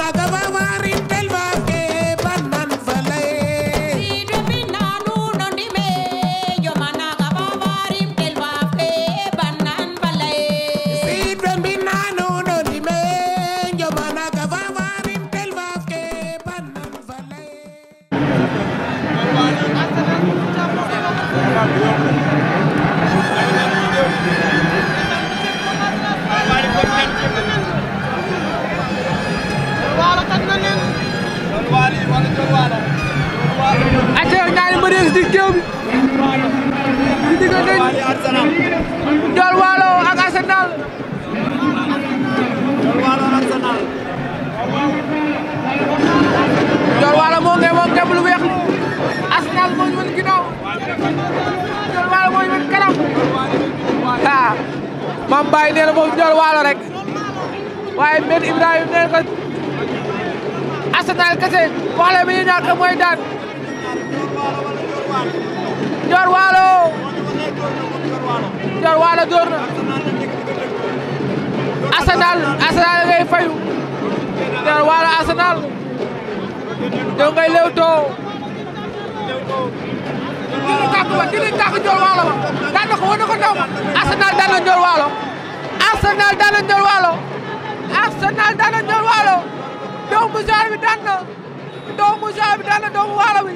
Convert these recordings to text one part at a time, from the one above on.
Baba Baba waaye nee na moom waalo rek waaye Mbène Ibrahima nee ko Arsenal kese waxle bi ñu ñaan ko mooy daan Ndior Waalo Ndior Waalo door na Arsenal Arsenal ngay fayu Ndior Waalo Arsenal doo ngay lewtoo dinañ tàkk ba dinañ tàkk Ndior Waalo ba daan na ko wane ko ndaw Arsenal daan na Ndiol Waalo Arsenal daan na Ndiol Waalo doomu Joal bi daan na doomu Joal bi daan na doomu Waalo bi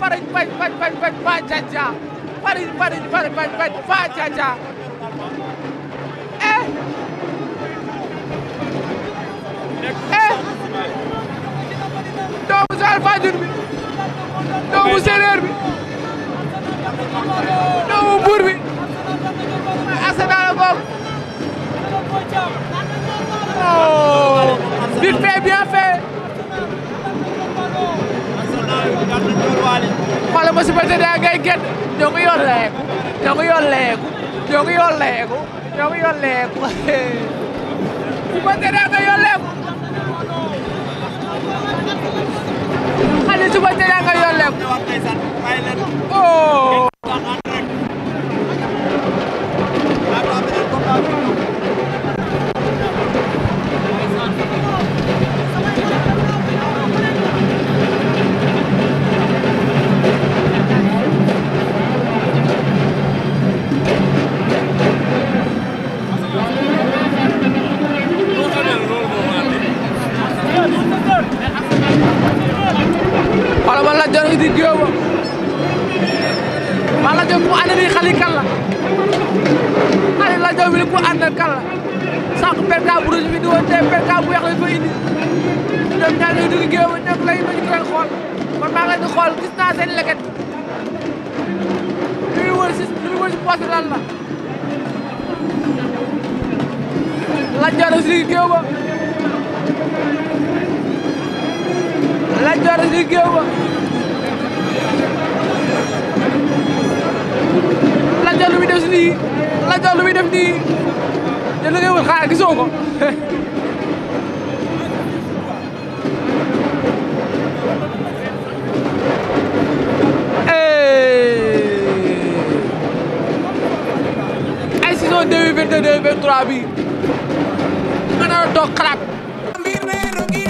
fariñ fañ fañ fañ fañ faa caca fariñ fariñ fariñ fañ fañ faa caca eh eh doomu Joal Fadiouth bi doomu séeréer bi musibatedangaiken jongiyoleeku jongiyoleeku jongiyoleeku jongiyoleeku subatedangayoleeku ani subatedangayoleeku lajo ku anda ni xali kalla xali lajo wi ku anda kalla sànq perka bu rouge bi di woon tey perka bu weex lañ fa indi ñoom ñaar ñuy dugg géew ñoom lay ma ñu leen xool kon maa ngi leen di xool gis naa seen leket li muy wër si li muy wër si poste lan la lajoor si géew ba lajoor si géew ba def si lii Lat Dior lu muy def nii te li ngay wër xaaral gisoo ko. ay saison 2022 2023 bi nga doon toog xalaat.